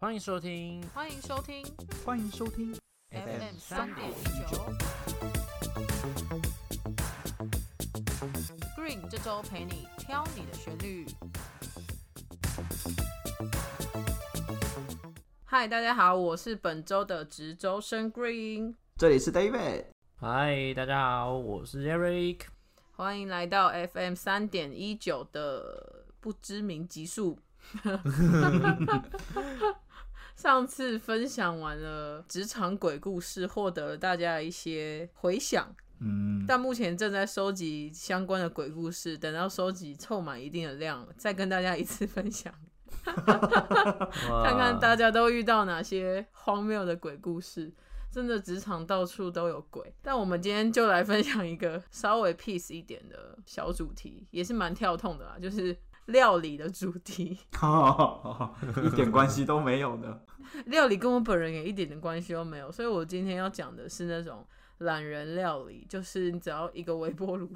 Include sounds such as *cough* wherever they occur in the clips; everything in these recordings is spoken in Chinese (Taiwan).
歡迎收聽，歡迎收聽，歡迎收聽 FM 三點一九 Green。這週陪你挑你的旋律。嗨，大家好，我是本周的值週生 Green。這裡是 David。嗨，大家好，我是 Eric。歡迎來到 FM 三點一九的不知名集數。 *laughs* 上次分享完了職場鬼故事，獲得了大家一些回響。嗯，但目前正在收集相關的鬼故事，等到收集湊滿一定的量，再跟大家一次分享， *laughs* 看看大家都遇到哪些荒謬的鬼故事。真的，職場到處都有鬼。但我們今天就來分享一個稍微 peace 一點的小主題，也是蠻跳痛的啦，就是。料理的主題，一點關係都沒有的。料理跟我本人也一點點關係都沒有，所以我今天要講的是那種懶人料理，就是你只要一個微波爐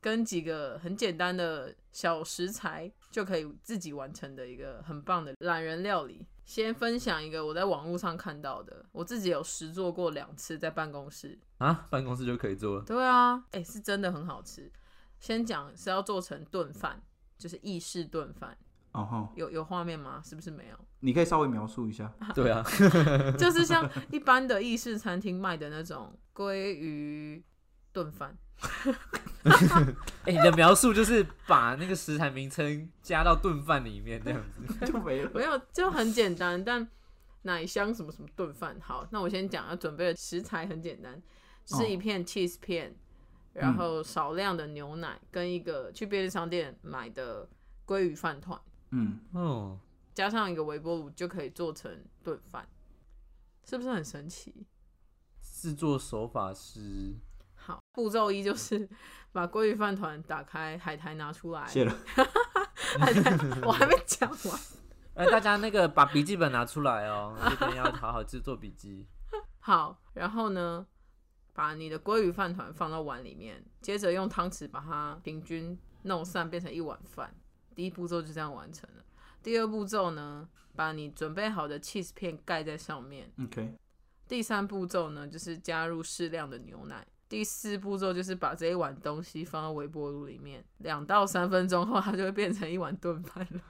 跟幾個很簡單的小食材就可以自己完成的一個很棒的懶人料理。先分享一個我在網絡上看到的，我自己有實做過兩次，在辦公室啊，辦公室就可以做了。對啊，哎、欸，是真的很好吃。先講是要做成燉飯。就是意式燉飯，哦、uh huh. 有有畫面嗎？是不是沒有？你可以稍微描述一下。 *laughs* 對啊， *laughs* 就是像一般的意式餐廳賣的那種鮭魚燉飯、 *laughs* *laughs* 欸。你的描述就是把那個食材名稱加到燉飯裡面，那樣子 *laughs* *laughs* *laughs* 就沒了有。 *laughs* 沒有，就很簡單。但奶香什麼什麼燉飯，好，那我先講要準備的食材很簡單，是一片 cheese 片。Oh. 然後少量的牛奶跟一個去便利商店買的鮭魚飯糰，嗯哦，加上一個微波爐就可以做成燉飯，是不是很神奇？製作手法是？好，步驟一就是把鮭魚飯糰打開，海苔拿出來。我還沒講完、呃。大家那個把筆記本拿出來哦， *laughs* 一定要好好製作筆記。 *laughs* 好，然後呢？把你的鮭魚飯糰放到碗裡面，接着用湯匙把它平均弄散，變成一碗飯。第一步驟就這樣完成了。第二步驟呢，把你準備好的 cheese 片蓋在上面。Okay。第三步驟呢，就是加入適量的牛奶。第四步驟就是把這一碗東西放到微波爐裡面，兩到三分鐘後，它就會變成一碗燉飯了。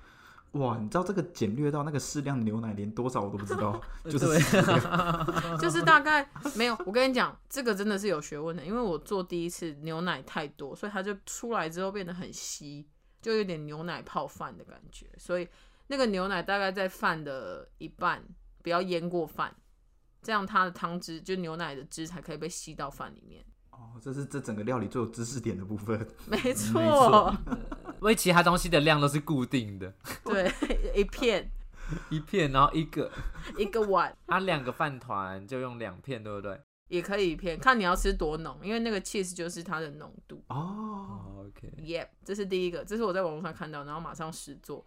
哇，你知道這個簡略到那個適量的牛奶連多少我都不知道，就是適量， *laughs* 對 *laughs* 就是大概沒有。我跟你講，這個真的是有學問的，因為我做第一次牛奶太多，所以它就出來之後變得很稀，就有點牛奶泡飯的感覺。所以那個牛奶大概在飯的一半，不要淹過飯，這樣它的湯汁就牛奶的汁才可以被吸到飯裡面。哦，這是這整個料理最有知識點的部分沒錯，嗯。沒錯，因為其他東西的量都是固定的，對，一片一片，然後一個一個碗，啊，兩個飯糰就用兩片，對不對？也可以一片，看你要吃多濃，因為那個 cheese 就是它的濃度。哦，OK，Yep，這是第一個，這是我在網絡上看到，然後馬上實做，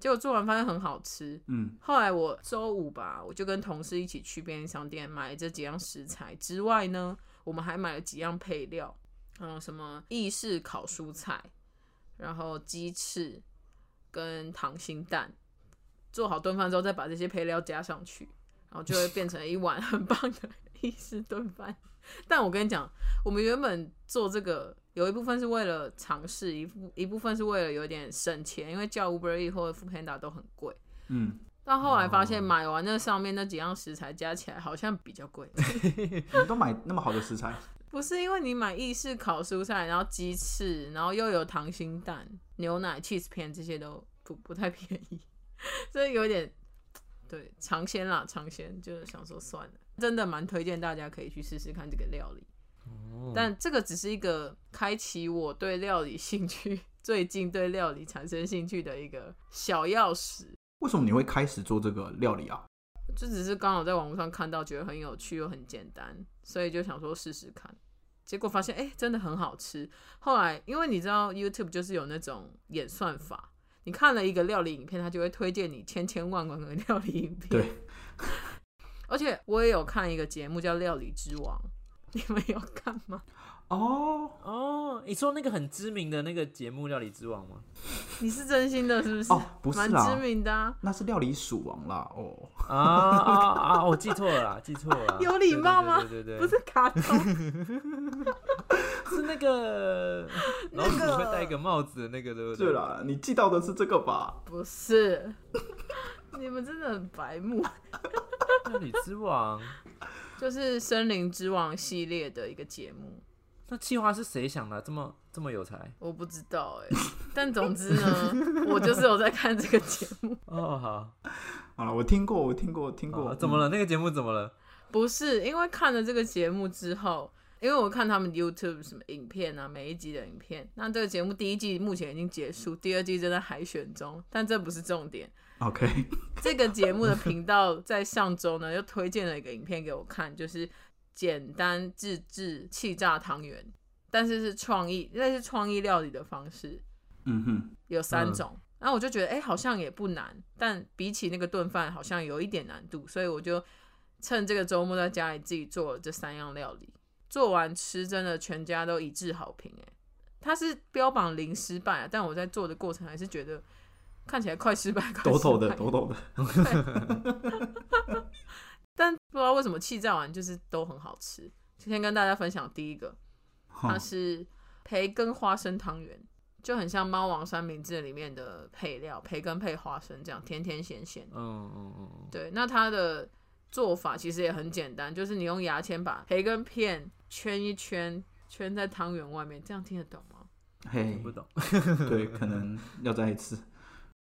結果做完發現很好吃，嗯。後來我週五吧，我就跟同事一起去便利商店買這幾樣食材之外呢。我們還買了幾樣配料，嗯，什麼意式烤蔬菜，然後雞翅跟溏心蛋，做好燉飯之後再把這些配料加上去，然後就會變成一碗很棒的意式燉飯。 *laughs* 但我跟你講，我們原本做這個有一部分是為了嘗試，一部一部分是為了有點省錢，因為叫 Uber Eats 或 Food Panda 都很貴，嗯。但後來發現，買完那上面那幾樣食材加起來好像比較貴。 *laughs* 你都買那麼好的食材？ *laughs* 不是，因為你買意式烤蔬菜，然後雞翅，然後又有溏心蛋、牛奶、cheese 片這些都不不太便宜， *laughs* 所以有點，對，嘗鮮啦，嘗鮮，就是想說算了。真的蠻推薦大家可以去試試看這個料理。哦。但這個只是一個開啟我對料理興趣，最近對料理產生興趣的一個小鑰匙。為什麼你會開始做這個料理啊？就只是剛好在網絡上看到，覺得很有趣又很簡單，所以就想說試試看。結果發現，哎、欸，真的很好吃。後來，因為你知道 YouTube 就是有那種演算法，你看了一個料理影片，它就會推薦你千千萬萬個料理影片。對。 *laughs* 而且我也有看一個節目叫《料理之王》，你們有看嗎？哦哦，你說那個很知名的那個節目《料理之王》嗎？你是真心的，是不是？哦，不是，蠻知名的。啊，那是《料理鼠王》啦。哦。啊啊，啊，啊！我記錯了啦，記錯了。有禮貌嗎？對對對，對對對，不是卡通， *laughs* 是那個，然後你會戴一個帽子的那個對不對？對啦，那個，你記到的是這個吧？不是，你們真的很白目。 *laughs* 料理之王，就是《森林之王》系列的一個節目。那企劃是誰想的啊？這麼這麼有才？我不知道哎，欸，但總之呢， *laughs* 我就是有在看這個節目。哦，oh, 好，好了，我聽過，我聽過，我聽過，oh。怎麼了？嗯、那個節目怎麼了？不是因為看了這個節目之後，因為我看他們 YouTube 什麼影片啊，每一集的影片。那這個節目第一季目前已經結束，第二季正在海選中，但這不是重點。OK， *laughs* 這個節目的頻道在上周呢又推薦了一個影片給我看，就是。簡單自製氣炸湯圓，但是是創意，那是創意料理的方式。嗯哼，有三種，然後、嗯、我就覺得，哎、欸，好像也不難，但比起那個燉飯，好像有一點難度，所以我就趁這個週末在家裡自己做了這三樣料理。做完吃，真的全家都一致好評、欸。哎，它是標榜零失敗、啊，但我在做的過程還是覺得看起來快失敗，快失敗，抖抖的，抖抖的。對 *laughs* 但不知道為什麼，氣炸完就是都很好吃。今天跟大家分享第一個，哦、它是培根花生湯圓，就很像貓王三明治裡面的配料，培根配花生，這樣甜甜鹹鹹。嗯嗯嗯對。那它的做法其實也很簡單，就是你用牙籤把培根片圈一圈，圈在湯圓外面，這樣聽得懂嗎？嘿，聽不懂。 *laughs* 對，可能要再一次。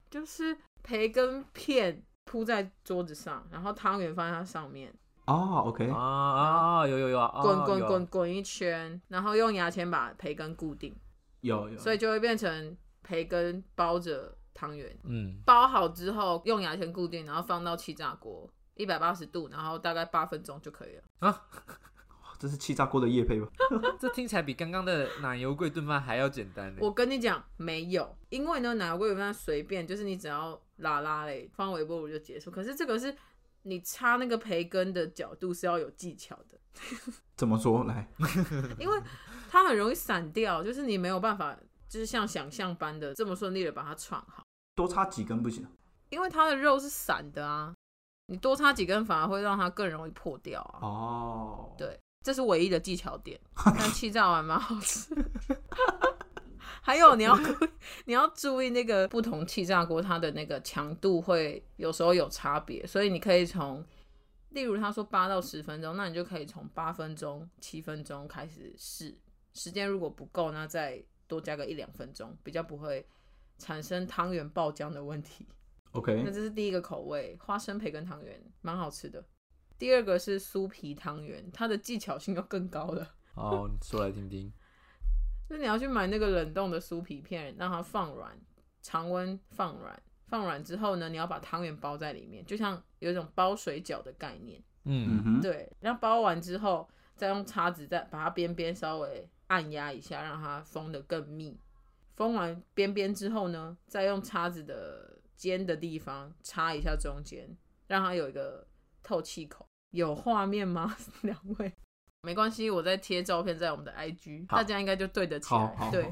就是培根片。鋪在桌子上，然後湯圓放在它上面。哦、oh，OK，啊啊，有有有啊，滾滾滾滾一圈，然後用牙籤把培根固定。有了有了，所以就會變成培根包着湯圓。嗯，包好之後用牙籤固定，然後放到氣炸鍋，一百八十度，然後大概八分鐘就可以了。啊，這是氣炸鍋的業配嗎？ *laughs* 這聽起來比剛剛的奶油櫃燉飯還要簡單。我跟你講，沒有，因為呢奶油櫃燉飯隨便，就是你只要。啦啦嘞，放微波爐就結束。可是這個是你插那個培根的角度是要有技巧的。 *laughs* 怎麼說來？ *laughs* 因為它很容易散掉，就是你沒有辦法，就是像想象般的這麼順利的把它串好。多插幾根不行？因為它的肉是散的啊，你多插幾根反而會讓它更容易破掉啊。哦，oh. 對，這是唯一的技巧點。但氣炸還蠻好吃。 *laughs* *laughs* *laughs* 還有你要，你要注意那個不同氣炸鍋它的那個強度會有時候有差別，所以你可以從，例如他說八到十分鐘，那你就可以從八分鐘、七分鐘開始試，時間如果不夠，那再多加個一兩分鐘，比較不會產生湯圓爆漿的問題。OK，那這是第一個口味，花生培根湯圓，蠻好吃的。第二個是酥皮湯圓，它的技巧性要更高了。哦，oh, 你說來聽聽。 *laughs* 就你要去買那個冷凍的酥皮片，讓它放軟，常溫放軟，放軟之後呢，你要把湯圓包在裡面，就像有一種包水餃的概念。嗯哼，對。然後包完之後，再用叉子再把它邊邊稍微按壓一下，讓它封得更密。封完邊邊之後呢，再用叉子的尖的地方插一下中間，讓它有一個透氣口。有畫面嗎？兩 *laughs* 位。沒關係，我再貼照片在我們的 IG，好大家應該就對得起來。好對，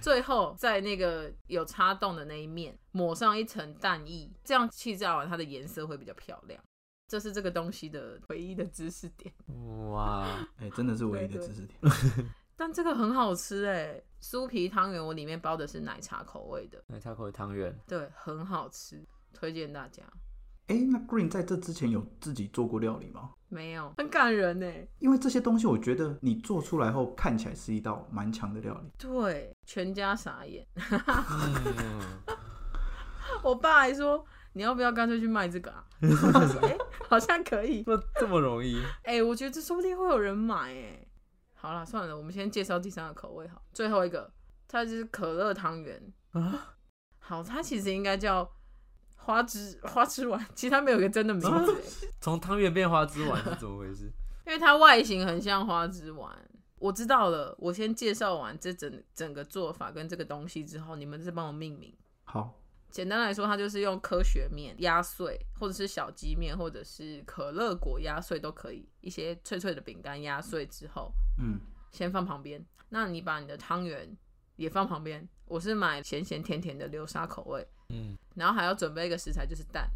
最後在那個有插洞的那一面抹上一層蛋液，這樣氣炸完它的顏色會比較漂亮。這是這個東西的唯一的知識點。哇，哎、欸，真的是唯一的知識點。但這個很好吃哎、欸，酥皮湯圓，我裡面包的是奶茶口味的。奶茶口味湯圓，對，很好吃，推薦大家。哎、欸，那 Green 在這之前有自己做過料理嗎？沒有，很感人呢。因為這些東西，我覺得你做出來後看起來是一道蠻強的料理，對，全家傻眼。 *laughs* 嗯、我爸還說，你要不要乾脆去賣這個啊？ *laughs* 欸、好像可以，怎麼這麼容易？哎、欸，我覺得這說不定會有人買哎。好了，算了，我們先介紹第三個口味，好，最後一個，它就是可樂湯圓啊。好，它其實應該叫。花枝花枝丸，其實它沒有一個真的名字。從湯圓變花枝丸是怎麼回事？ *laughs* 因為它外形很像花枝丸。我知道了，我先介紹完這整整個做法跟這個東西之後，你們再幫我命名。好，簡單來說，它就是用科學麵壓碎，或者是小雞麵，或者是可樂果壓碎都可以，一些脆脆的餅乾壓碎之後，嗯，先放旁邊。那你把你的湯圓也放旁邊。我是買鹹鹹甜甜的流沙口味。嗯，然後還要準備一個食材，就是蛋。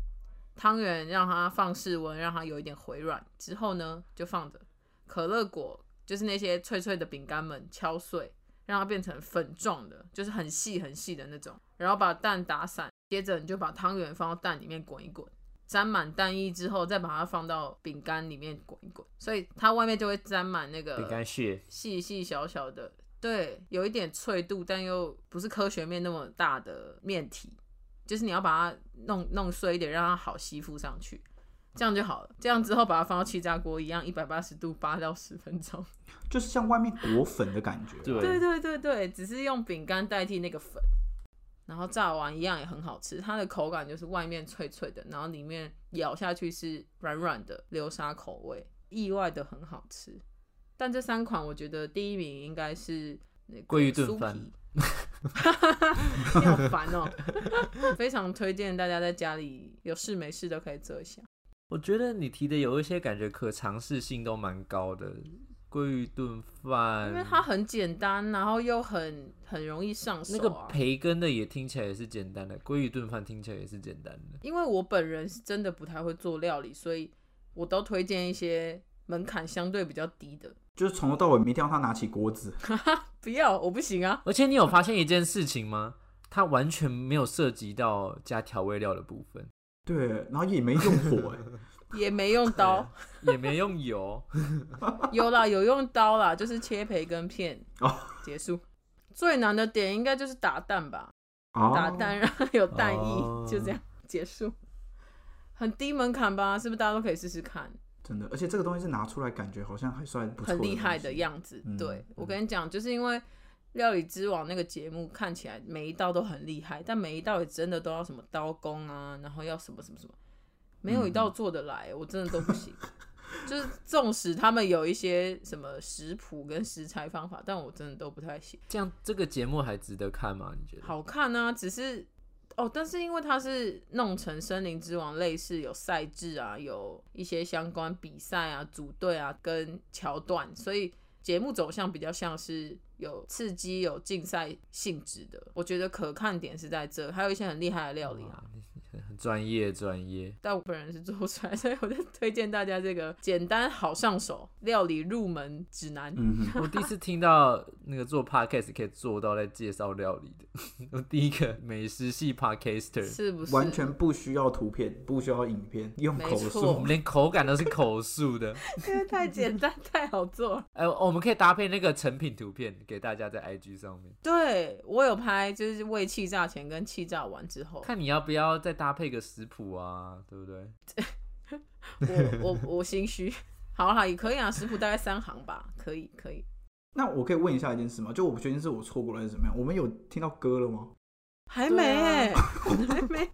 湯圓讓它放室溫，讓它有一點回軟之後呢，就放着。可樂果就是那些脆脆的餅乾們，敲碎讓它變成粉狀的，就是很細很細的那種。然後把蛋打散，接着你就把湯圓放到蛋裡面滾一滾，沾滿蛋液之後，再把它放到餅乾裡面滾一滾，所以它外面就會沾滿那個餅乾屑，細細小小的，對，有一點脆度，但又不是科學麵那麼大的麵體。就是你要把它弄弄碎一點，讓它好吸附上去，這樣就好了。這樣之後把它放到氣炸鍋一樣，一百八十度八到十分鐘，就是像外面裹粉的感覺。對對對對對，只是用餅乾代替那個粉，然後炸完一樣也很好吃。它的口感就是外面脆脆的，然後裡面咬下去是軟軟的流沙口味，意外的很好吃。但這三款我覺得第一名應該是。鮭魚燉飯， *laughs* 你好煩哦！非常推薦大家在家裡有事沒事都可以做一下。我覺得你提的有一些感覺可嘗試性都蠻高的，鮭魚燉飯，因為它很簡單，然後又很很容易上手啊。那個培根的也聽起來也是簡單的，鮭魚燉飯聽起來也是簡單的。因為我本人是真的不太會做料理，所以我都推薦一些門檻相對比較低的。就是從頭到尾沒聽到他拿起鍋子， *laughs* 不要，我不行啊！而且你有發現一件事情嗎？他完全沒有涉及到加調味料的部分，對，然後也沒用火， *laughs* 也沒用刀，對 *laughs* 也沒用油， *laughs* 有啦，有用刀啦，就是切培根片哦，oh. 結束。最難的點應該就是打蛋吧，oh. 打蛋然後有蛋液，oh. 就這樣結束，很低門檻吧？是不是大家都可以試試看？真的，而且這個東西是拿出來，感覺好像還算不錯，很厲害的樣子。嗯、對，我跟你講，就是因為《料理之王》那個節目，看起來每一道都很厲害，但每一道也真的都要什麼刀工啊，然後要什麼什麼什麼，沒有一道做得來，嗯、我真的都不行。 *laughs* 就是縱使他們有一些什麼食譜跟食材方法，但我真的都不太行。這樣這個節目還值得看嗎？你覺得？好看啊，只是。哦，但是因為它是弄成森林之王類似有賽制啊，有一些相關比賽啊、組隊啊跟橋段，所以節目走向比較像是有刺激、有競賽性質的。我覺得可看點是在這，還有一些很厲害的料理啊。專業專業，但我本人是做不出來，所以我就推薦大家這個簡單好上手料理入門指南。嗯、 *laughs* 我第一次聽到那個做 podcast 可以做到在介紹料理的，第一個美食系 podcaster 是不是？完全不需要圖片，不需要影片，用口述，沒錯，我們連口感都是口述的， *laughs* 因為太簡單，太好做了。哎、欸，我們可以搭配那個成品圖片給大家在 IG 上面。對，我有拍，就是未氣炸前跟氣炸完之後，看你要不要再搭配。這個食譜啊，對不對？ *laughs* 我我我心虛，好好也可以啊，食譜大概三行吧，可以可以。那我可以問一下一件事嗎？就我不確定是我錯過了還是怎麼樣，我們有聽到歌了嗎？還沒，還沒，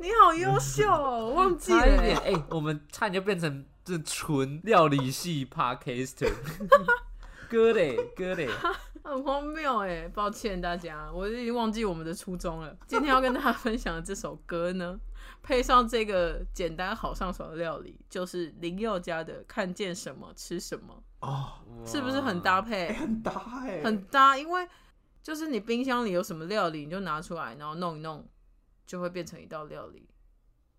你好優秀哦，忘記了。哎、欸，我們差點就變成這純料理系 podcaster。 *laughs* 歌嘞，歌嘞。 *laughs* 很荒謬哎，抱歉大家，我已經忘記我們的初衷了。今天要跟大家分享的這首歌呢， *laughs* 配上這個簡單好上手的料理，就是林宥嘉的《看見什麼吃什麼》哦，oh, wow, 是不是很搭配？欸、很搭哎，很搭，因為就是你冰箱裡有什麼料理，你就拿出來，然後弄一弄，就會變成一道料理。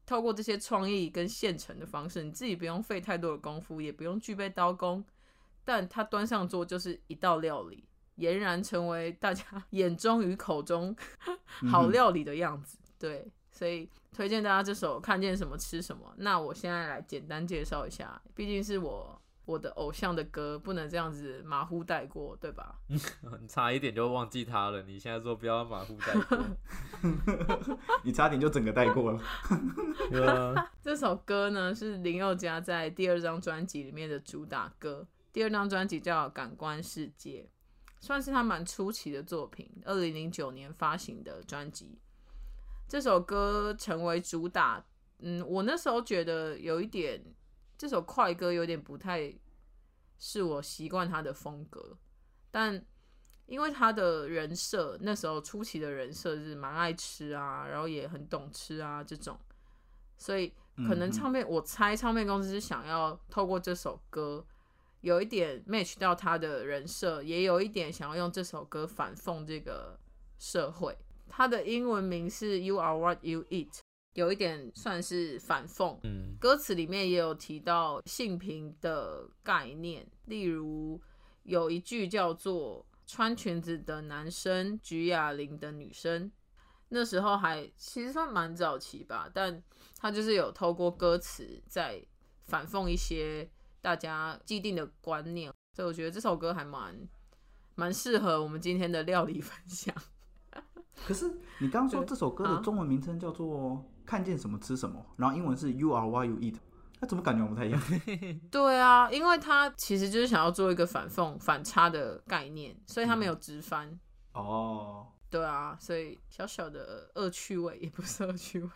透過這些創意跟現成的方式，你自己不用費太多的功夫，也不用具備刀工，但它端上桌就是一道料理。儼然成為大家眼中與口中好料理的樣子，嗯、哼對，所以推薦大家這首《看見什麼吃什麼》。那我現在來簡單介紹一下，畢竟是我我的偶像的歌，不能這樣子馬虎帶過，對吧？你、嗯、差一點就忘記他了，你現在說不要馬虎帶過， *laughs* *laughs* 你差點就整個帶過了。 *laughs* *laughs* *laughs* 這首歌呢是林宥嘉在第二張專輯裡面的主打歌，第二張專輯叫《感官世界》。算是他蠻初期的作品，二零零九年發行的專輯。這首歌成為主打，嗯，我那時候覺得有一點，這首快歌有點不太是我習慣他的風格，但因為他的人設，那時候初期的人設是蠻愛吃啊，然後也很懂吃啊這種，所以可能唱片，嗯、我猜唱片公司是想要透過這首歌。有一點 match 到他的人設，也有一點想要用這首歌反諷這個社會。他的英文名是 You Are What You Eat，有一點算是反諷。嗯，歌詞裡面也有提到性平的概念，例如有一句叫做“穿裙子的男生舉啞鈴的女生”，那時候還其實算蠻早期吧，但他就是有透過歌詞在反諷一些。大家既定的觀念，所以我覺得這首歌還蠻蠻適合我們今天的料理分享。 *laughs* 可是你剛剛說這首歌的中文名稱叫做“看見什麼吃什麼”，然後英文是 y o U a R e what Y o U E a t 那怎麼感覺不太一樣？ *laughs* 對啊，因為他其實就是想要做一個反諷、反差的概念，所以他沒有直翻。哦、嗯，對啊，所以小小的惡趣味，也不是惡趣味，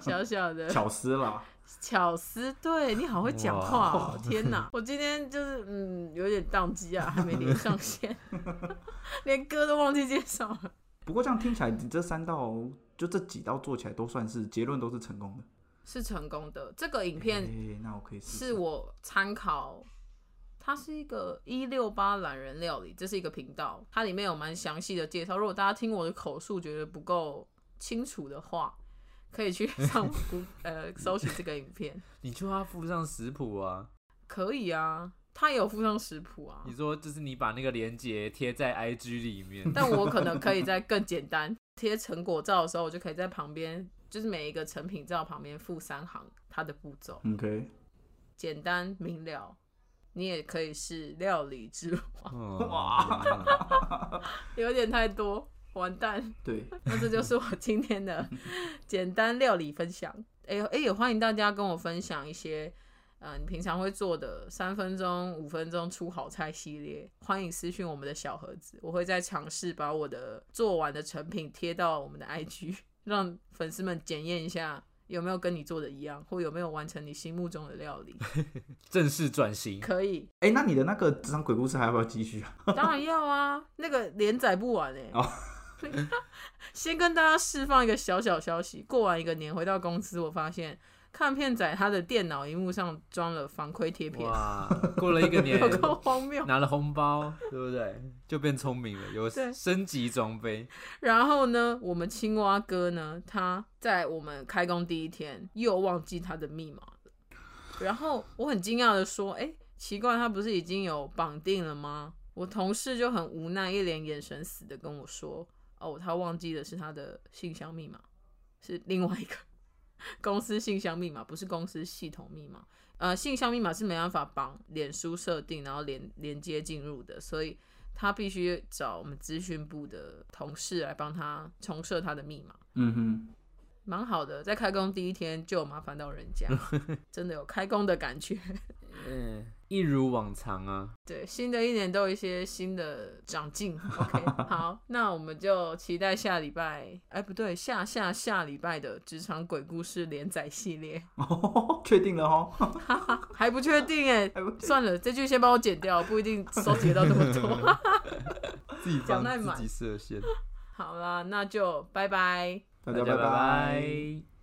小小的巧 *laughs* 思啦。巧思，對。你好會講話哦、喔！天哪，我今天就是嗯，有點當機啊，還沒連上線， *laughs* 連歌都忘記介紹了。不過這樣聽起來，這三道就這幾道做起來都算是結論，都是成功的。是成功的，這個影片，那我可以是我參考，它是一個一六八懶人料理，這是一個頻道，它裡面有蠻詳細的介紹。如果大家聽我的口述覺得不夠清楚的話，可以去上 Google，呃，搜索這個影片。你就要附上食譜啊？可以啊，他也有附上食譜啊。你說就是你把那個鏈接貼在 IG 裡面，但我可能可以再更簡單貼 *laughs* 成果照的時候，我就可以在旁邊，就是每一個成品照旁邊附三行它的步驟。OK，簡單明了，你也可以是料理之王。哇， *laughs* 有點太多。完蛋，對， *laughs* 那這就是我今天的簡單料理分享。哎呦哎，也歡迎大家跟我分享一些，呃、你平常會做的三分鐘、五分鐘出好菜系列，歡迎私訊我們的小盒子，我會再嘗試把我的做完的成品貼到我們的 IG，讓粉絲們檢驗一下有沒有跟你做的一樣，或有沒有完成你心目中的料理。 *laughs* 正式轉型可以，哎、欸，那你的那個職場鬼故事還要不要繼續啊？ *laughs* 當然要啊，那個連載不完哎、欸。哦 *laughs* 先跟大家釋放一個小小消息，過完一個年回到公司，我發現看片仔他的電腦熒幕上裝了防窺貼片。哇，過了一個年， *laughs* 有夠荒謬，拿了紅包對不對？就變聰明了，有升級裝備。然後呢，我們青蛙哥呢，他在我們開工第一天又忘記他的密碼了。然後我很驚訝的說：“哎、欸，奇怪，他不是已經有綁定了嗎？”我同事就很無奈，一臉眼神死的跟我說。哦，他忘記的是他的信箱密碼，是另外一個公司信箱密碼，不是公司系統密碼。呃，信箱密碼是沒辦法綁臉書設定，然後連連接進入的，所以他必須找我們資訊部的同事來幫他重設他的密碼。嗯哼。蠻好的，在開工第一天就麻煩到人家， *laughs* 真的有開工的感覺，嗯， *laughs* *laughs* 一如往常啊。對，新的一年都有一些新的長進。 *laughs* Okay, 好，那我們就期待下禮拜，哎、欸，不對，下下下禮拜的職場鬼故事連載系列，確定了哦？ *laughs* *laughs* 還不確定哎，定算了，這句先幫我剪掉，不一定收集到這麼多， *laughs* *laughs* 自己裝自己設限。講難滿 *laughs* 好了，那就拜拜。大家拜拜。大家拜拜。